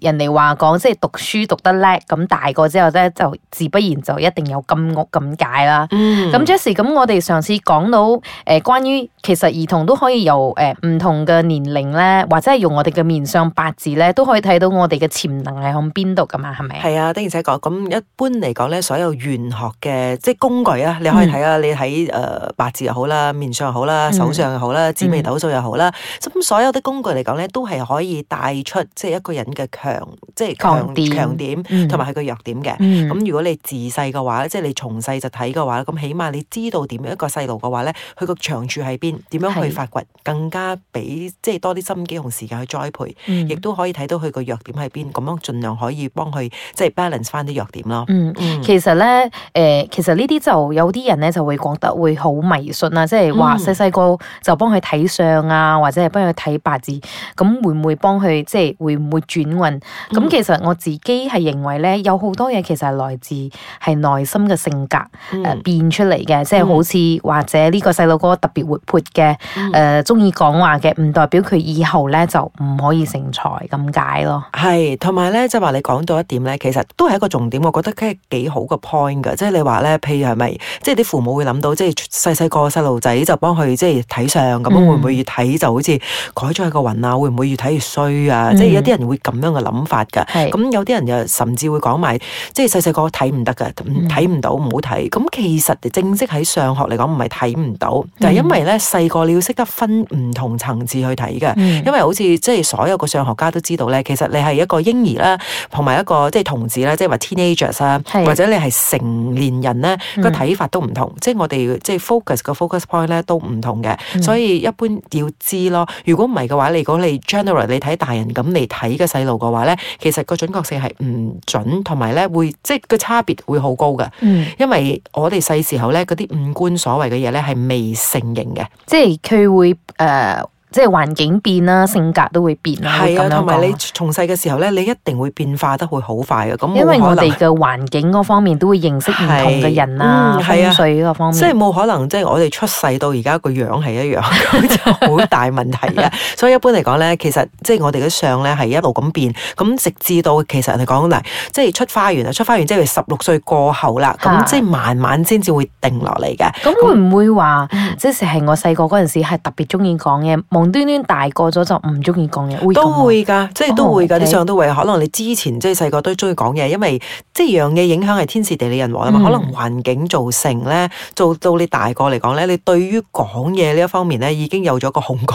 人哋話講，即係讀書讀得叻，咁大個之後咧，就自不然就一定有金屋咁解啦。咁 Jesse 咁我哋上次講到誒、呃、關於其實兒童都可以由誒唔、呃、同嘅年齡咧，或者係用我哋嘅面相八字咧，都可以睇到我哋嘅潛能係向邊度噶嘛？係咪？係啊，的而且確。咁一般嚟講咧，所有玄學嘅即係工具啊，你可以睇下，嗯、你喺誒八字又好啦，面相又好啦，手相又好啦，紫微斗數又好啦，咁、嗯、所有啲工具嚟講咧，都係可以帶出即係一個人嘅強。強即係強強點，同埋佢個弱點嘅。咁、嗯、如果你自細嘅話，即、就、係、是、你從細就睇嘅話，咁起碼你知道點樣一個細路嘅話咧，佢個長處喺邊，點樣去發掘是更加俾即係多啲心機同時間去栽培，亦、嗯、都可以睇到佢個弱點喺邊，咁樣盡量可以幫佢即係 balance 返啲弱點咯。其實咧，誒、嗯，其實呢啲、呃、就有啲人咧就會覺得會好迷信啦，即係話細細個就幫佢睇相啊，嗯、或者係幫佢睇八字，咁會唔會幫佢即係會唔會轉運？咁、嗯、其實我自己係認為咧，有好多嘢其實係來自係內心嘅性格誒、嗯呃、變出嚟嘅、嗯，即係好似或者呢個細路哥特別活潑嘅誒，中意講話嘅，唔代表佢以後咧就唔可以成才咁解咯。係同埋咧，即係話你講到一點咧，其實都係一個重點，我覺得佢係幾好個 point 噶，即、就、係、係、你話咧，譬如係咪，即係啲父母會諗到，即係細細個細路仔就幫佢即係睇相咁樣，會唔會越睇、嗯、就好似改咗佢個運啊？會唔會越睇越衰啊？嗯、即係有啲人會咁樣嘅諗。諗法噶，咁、嗯、有啲人又甚至會講埋，即係細細個睇唔得噶，睇唔到唔好睇。咁、嗯、其實正式喺玄學嚟講，唔係睇唔到，嗯、就係、是、因為咧細個你要識得分唔同層次去睇嘅、嗯。因為好似即係所有個玄學家都知道咧，其實你係一個嬰兒啦，同埋一個即係、就是、童子啦，即係話 teenagers 啊，或者你係成年人咧、嗯那個睇法都唔同，即、就、係、是、我哋即係 focus 個 focus point 咧都唔同嘅。所以一般要知咯，如果唔係嘅話，如果你 general 你睇大人咁嚟睇嘅細路嘅話。咧，其實個準確性係唔準，同埋咧會即係個差別會好高嘅，嗯，因為我哋細時候咧，嗰啲五官所謂嘅嘢咧係未成型嘅，即係佢會誒。呃即係環境變啦，性格都會變啦，咁樣講。係啊，同埋你從細嘅時候咧，你一定會變化得會好快嘅，咁。因為我哋嘅環境嗰方面都會認識唔同嘅人啦，嗯，係啊，即係冇可能，即係我哋出世到而家個樣係一樣， 就好大問題㗎。所以一般嚟講咧，其實即係我哋嘅相咧係一路咁變，咁直至到其實人哋講嗱，即係出花園啊，出花園即係十六歲過後啦，咁即係慢慢先至會定落嚟嘅。咁會唔會話，即係我細個嗰陣時係特別中意講嘅。無端端大個咗就唔中意講嘢、哎，都會噶、啊，即係都會噶。你、oh, 上、okay. 都會可能你之前即係細個都中意講嘢，因為即係樣嘢影響係天時地利人和啊嘛。Mm. 可能環境造成咧，做到你大個嚟講咧，你對於講嘢呢一方面咧，已經有咗個恐懼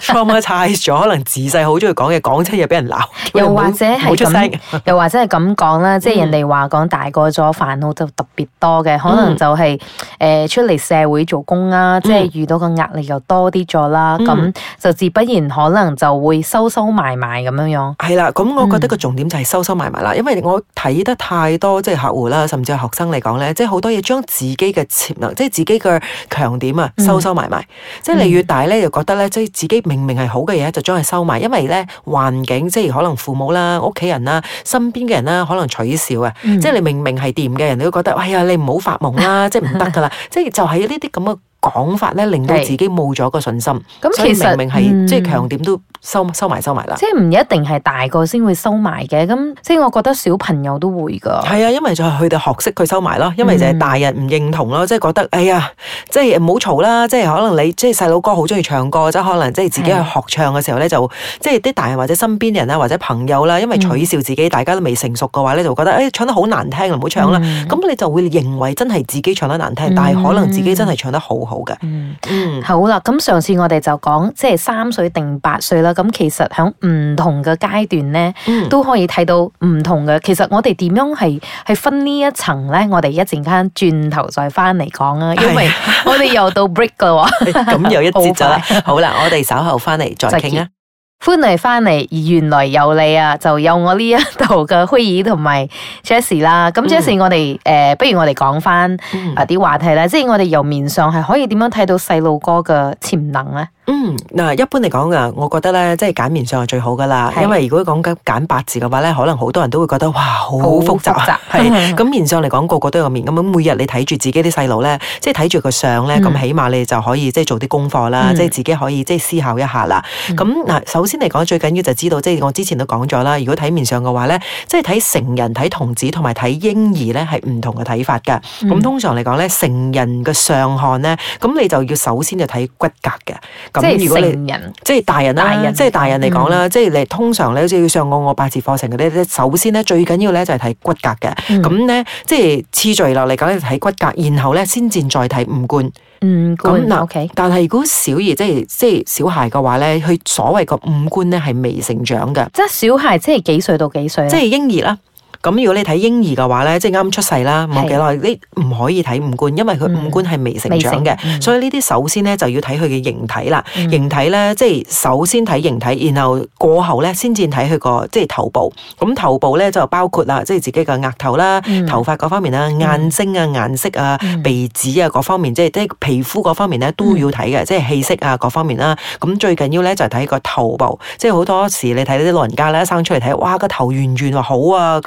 ，traumatized 咗可能自細好中意講嘢，講出又俾人鬧，又或者係咁，又或者係咁講啦。 即係人哋話講，大個咗煩惱就特別多嘅，mm. 可能就係、是、誒、呃、出嚟社會做工啦，mm. 即係遇到個壓力又多啲咗啦咁。Mm. 嗯、就自不然，可能就會收收埋埋咁樣樣。係、嗯、啦，咁我覺得個重點就係收收埋埋啦。因為我睇得太多即係客戶啦，甚至係學生嚟講咧，即係好多嘢將自己嘅潛能，即係自己嘅強點啊，收收埋埋。嗯、即係你越大咧，你就覺得咧，即係自己明明係好嘅嘢，就將佢收埋。因為咧環境，即係可能父母啦、屋企人啦、身邊嘅人啦，可能取笑啊、嗯。即係你明明係掂嘅人，你都覺得，哎呀，你唔好發夢啦， 即係唔得噶啦。即係就係呢啲咁嘅。講法咧，令到自己冇咗個信心，所以明明係、嗯、即係強點都。收收埋收埋啦，即係唔一定係大個先會收埋嘅，咁即係我覺得小朋友都會噶。係啊，因為就係佢哋學識佢收埋咯，因為就係大人唔認同咯、嗯，即係覺得哎呀，即係唔好嘈啦，即係可能你即係細佬哥好中意唱歌，即可能即係自己去學唱嘅時候咧，就即係啲大人或者身邊人啊，或者朋友啦，因為取笑自己，嗯、大家都未成熟嘅話咧，就會覺得誒、哎、唱得好難聽，唔好唱啦。咁、嗯、你就會認為真係自己唱得難聽，嗯、但係可能自己真係唱得好好嘅、嗯。嗯，好啦，咁上次我哋就講即係三歲定八十啦。咁其實喺唔同嘅階段咧，嗯、都可以睇到唔同嘅。其實我哋點樣係係分一層呢一層咧？我哋一陣間轉頭再翻嚟講啊，因為我哋又到 break 㗎喎，咁 又一節就啦。好啦，我哋稍後翻嚟再傾啊。歡迎翻嚟，原來有你啊，就有我呢一度嘅佩儀同埋 Jesse 啦。咁 Jesse，我哋誒、嗯呃，不如我哋講翻啊啲話題啦。嗯、即係我哋由面上係可以點樣睇到細路哥嘅潛能咧？嗯，嗱，一般嚟講啊，我覺得咧，即係揀面相係最好噶啦。因為如果講緊揀八字嘅話咧，可能好多人都會覺得哇，好複雜。咁，嗯嗯、面相嚟講，個個都有面，咁每日你睇住自己啲細路咧，即係睇住個相咧，咁起碼你就可以即係做啲功課啦，即、嗯、係、嗯、自己可以即係思考一下啦。咁、嗯、嗱，首先嚟講最緊要就知道，即係我之前都講咗啦。如果睇面相嘅話咧，即係睇成人、睇童子同埋睇嬰兒咧係唔同嘅睇法嘅。咁、嗯、通常嚟講咧，成人嘅相看咧，咁你就要首先就睇骨骼嘅。如果你即係成人，即係大人啦，即係大人嚟講啦，即係你通常咧，好似要上我我八字課程嗰啲，首先咧最緊要咧就係睇骨骼嘅。咁、嗯、咧即係次序落嚟講咧睇骨骼，然後咧先至再睇五官，五官嗱、okay，但係如果小兒即係即係小孩嘅話咧，佢所謂個五官咧係未成長嘅，即係小孩即係幾歲到幾歲？即係嬰兒啦。咁如果你睇嬰兒嘅話咧，即係啱出世啦，冇幾耐，你唔可以睇五官，因為佢五官係未成長嘅、嗯嗯。所以呢啲首先咧就要睇佢嘅形體啦、嗯，形體咧即係首先睇形體，然後過後咧先至睇佢個即係頭部。咁頭部咧就包括啦即係自己嘅額頭啦、嗯、頭髮嗰方面啦、嗯、眼睛啊、顏色啊、嗯、鼻子啊各方面，即係即係皮膚嗰方面咧都要睇嘅、嗯，即係氣色啊各方面啦。咁最緊要咧就睇、是、個頭部，即係好多時你睇啲老人家咧生出嚟睇，哇個頭圓圓喎，好啊，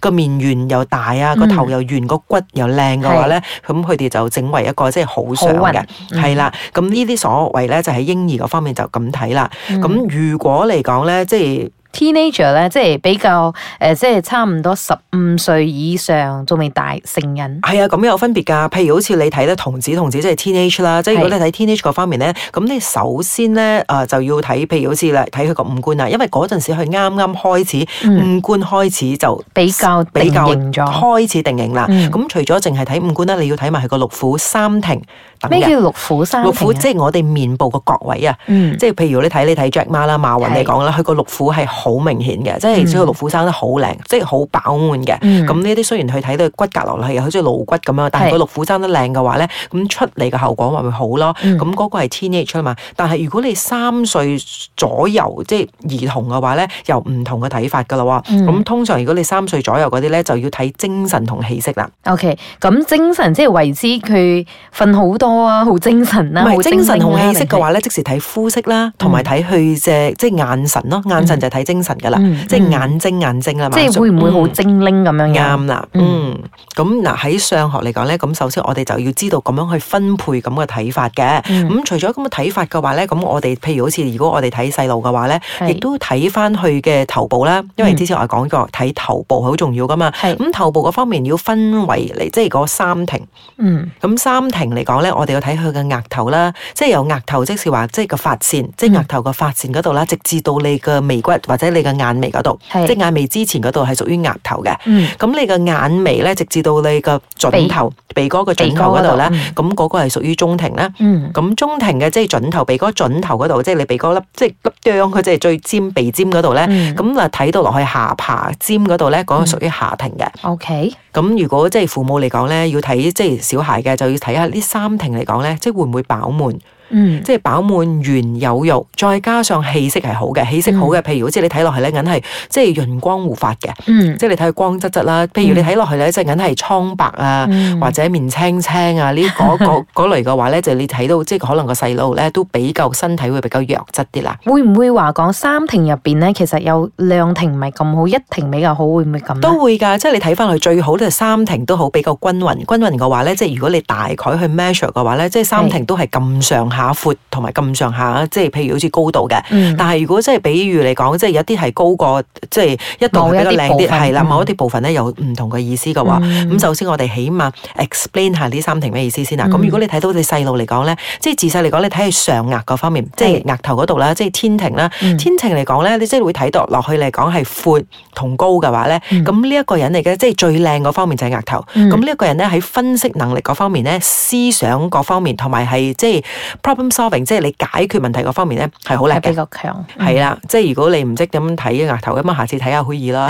個面圓又大啊，個頭又圓，個、嗯、骨又靚嘅話咧，咁佢哋就整為一個即係好相嘅，係、嗯、啦。咁呢啲所謂咧就喺嬰兒嗰方面就咁睇啦。咁、嗯、如果嚟講咧，即係。teenager 咧，即係比較誒，即係差唔多十五歲以上，仲未大成人。係啊，咁有分別噶。譬如好似你睇得童子，童子即係 teenage 啦。即係如果你睇 teenage 嗰方面咧，咁你首先咧啊，就要睇譬如好似啦，睇佢個五官啦，因為嗰陣時佢啱啱開始、嗯、五官開始就比較定比較開始定型啦。咁、嗯、除咗淨係睇五官咧，你要睇埋佢個六腑三庭。咩叫六府生？六府即係我哋面部個角位啊、嗯，即係譬如你睇你睇 Jack Ma 啦，馬雲你講啦，佢個六府係好明顯嘅、嗯，即係所以六府生得好靚，即係好飽滿嘅。咁呢啲雖然佢睇到骨骼流落去，好似露骨咁樣，但係、嗯、個六府生得靚嘅話咧，咁出嚟嘅效果咪會好咯。咁嗰個係 teenage 嘛？但係如果你三歲左右即係兒童嘅話咧，又唔同嘅睇法噶啦。咁、嗯、通常如果你三歲左右嗰啲咧，就要睇精神同氣息啦。OK，咁精神即係為之佢瞓好多。好、哦、精神啦、啊！唔係精神同氣色嘅話咧,即時睇膚色啦,同埋睇佢隻即係眼神咯,眼神就係睇精神噶啦,即、嗯、係、就是、眼睛眼睛嘛,即係會唔會好精靈咁樣？啱啦,嗯,咁嗱喺上學嚟講咧,咁首先我哋就要知道咁樣去分配咁嘅睇法嘅。咁、嗯、除咗咁嘅睇法嘅話咧,咁我哋譬如好似如果我哋睇細路嘅話咧,亦都睇翻佢嘅頭部啦,因為之前我哋講過睇、嗯、頭部好重要噶嘛。咁,頭部嗰方面要分為嚟,即係嗰三庭。嗯,咁三庭嚟講咧。我哋要睇佢嘅額頭啦，即係由額頭，即是話即係個髮線，嗯、即係額頭個髮線嗰度啦，嗯、直至到你嘅眉骨或者你嘅眼眉嗰度，即係眼眉之前嗰度係屬於額頭嘅。咁你嘅眼眉咧，直至到你嘅準頭鼻哥嘅準頭嗰度咧，咁嗰、嗯那個係屬於中庭啦。咁、嗯、中庭嘅即係準頭鼻哥準頭嗰度、嗯，即係你鼻哥的粒，即係粒漿，佢即係最尖鼻尖嗰度咧。咁、嗯、啊，睇到落去下巴尖嗰度咧，嗰、那個屬於下庭嘅。O、嗯、K。咁、okay. 如果即係父母嚟講咧，要睇即係小孩嘅，就要睇下呢三庭的。嚟講咧，即係會唔會飽滿？ 嗯、即係飽滿圓有肉，再加上氣色係好嘅，氣色好嘅，譬如好似你睇落去咧，梗係即係潤光護髮嘅，即係你睇佢光質質啦。譬如你睇落去咧、嗯，即係梗係蒼白啊、嗯，或者面青青啊，呢嗰嗰類嘅話咧， 就你睇到即係可能個細路咧都比較身體會比較弱質啲啦。會唔會話講三庭入邊咧，其實有兩庭唔係咁好，一庭比較好，會唔會咁？都會噶，即係你睇翻佢最好都係三庭都好，比較均勻。均勻嘅話咧，即係如果你大概去 measure 嘅話咧，即係三庭都係咁上下。下闊同埋咁上下，即係譬如好似高度嘅、嗯。但係如果即係比喻嚟講，即係有啲係高過即係一度，比較靚靚啲，係啦。某一啲部分咧有唔同嘅意思嘅話，咁、嗯、首先我哋起碼 explain 下呢三庭咩意思先啦，咁如果你睇到你細路嚟講咧，即、嗯、係自細嚟講，你睇係上額嗰方面，即係額頭嗰度啦，即、就、係、是、天庭啦、嗯。天庭嚟講咧，你即係會睇到落去嚟講係闊同高嘅話咧，咁呢一個人嚟嘅，即、就、係、是、最靚嗰方面就係額頭。咁呢一個人咧喺分析能力嗰方面咧、嗯、思想各方面同埋係即係。Problem solving，即係你解決問題個方面咧，係好叻嘅，係比較強。係啦，即係如果你唔識咁睇額頭，咁啊，下次睇下虛兒啦。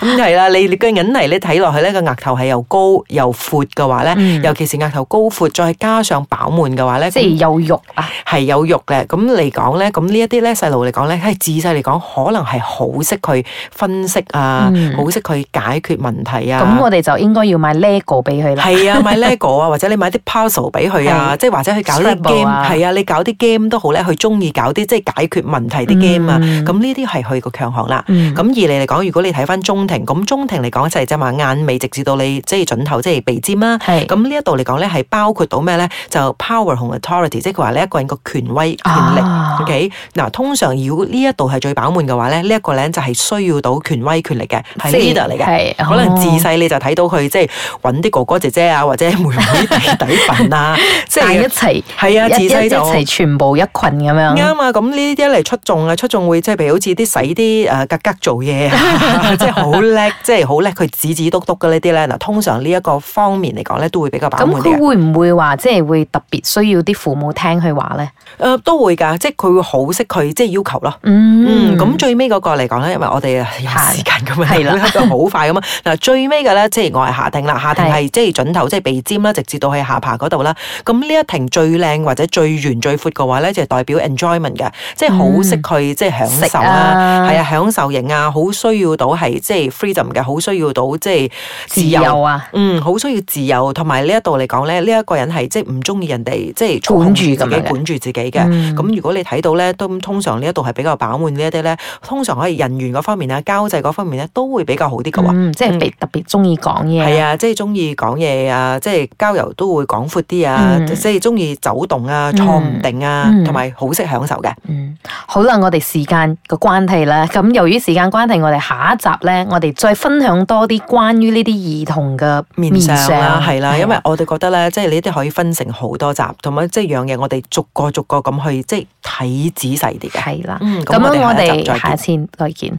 咁係啦，你你嘅眼泥咧睇落去咧個額頭係又高又闊嘅話咧，尤其是額頭高闊，再加上飽滿嘅話咧，即係有肉啊，係有肉嘅。咁嚟講咧，咁呢一啲咧細路嚟講咧，係自細嚟講可能係好識去分析啊，好識去解決問題啊。咁我哋就應該要買 LEGO 俾佢啦。係啊，買 LEGO 啊，或者你買啲 puzzle 俾佢啊。即、啊、或者去搞啲 game，係啊，啊！你搞啲 game 都好咧，佢中意搞啲即係解決問題啲 game 啊！咁呢啲係佢個強項啦。咁、嗯、而你嚟講，如果你睇翻中庭，咁中庭嚟講就齊啫嘛，眼尾直至到你即係、就是、準頭，即係鼻尖啦。咁呢一度嚟講咧，係、啊、包括到咩咧？就 power 同 authority，即係佢話呢一個人個權威權力。O K，嗱，通常如果呢一度係最飽滿嘅話咧，呢、這、一個咧就係需要到權威權力嘅 leader 嚟嘅。可能自細你就睇到佢即係揾啲哥哥姐姐啊，或者妹妹弟弟啊。 即、就、係、是、一齊，係啊，一一齊，一一全部一群咁樣。啱啊，咁呢啲一嚟出眾啊，出眾會即係譬如好似啲使啲誒格格做嘢 即係好叻，即係好叻，佢指指督督嘅呢啲咧嗱，通常呢一個方面嚟講咧，都會比較飽滿啲。咁佢會唔會話即係會特別需要啲父母聽佢話咧？誒、呃，都會噶，即係佢會好識佢即係要求咯。咁、嗯嗯、最尾嗰個嚟講咧，因為我哋有時間咁樣係啦，都好快咁啊。嗱， 最尾嘅咧，即係我係下庭啦，下庭係即係準頭，即係鼻尖啦，直至到去下巴嗰度啦。咁呢一停最靚或者最圓最闊嘅話咧，就係、是、代表 enjoyment 嘅，即係好識佢，即係享受啊，係啊，啊，享受型啊，好需要到係即係 freedom 嘅，好需要到即係自由啊，嗯，好需要自由，同埋呢一度嚟講咧，呢、這、一個人係即係唔中意人哋即係管住自己，管住，管住自己嘅。咁、嗯、如果你睇到咧，都通常呢一度係比較飽滿呢一啲咧，通常可以人緣嗰方面啊，交際嗰方面咧都會比較好啲嘅、嗯嗯話，啊就是、話，即係特別中意講嘢，係啊，即係中意講嘢啊，即係交遊都會廣闊啲啊。嗯即係中意走動啊、坐唔定啊，同埋好識享受嘅。嗯，好啦，我哋時間個關係啦，咁由於時間關係，我哋下一集咧，我哋再分享多啲關於呢啲兒童嘅面相啦，係啦、啊啊啊，因為我哋覺得咧，即係呢啲可以分成好多集，同埋即係樣嘢，我哋逐個逐個咁去即係睇仔細啲嘅。係啦、啊，咁、嗯、我哋下一再下次再見。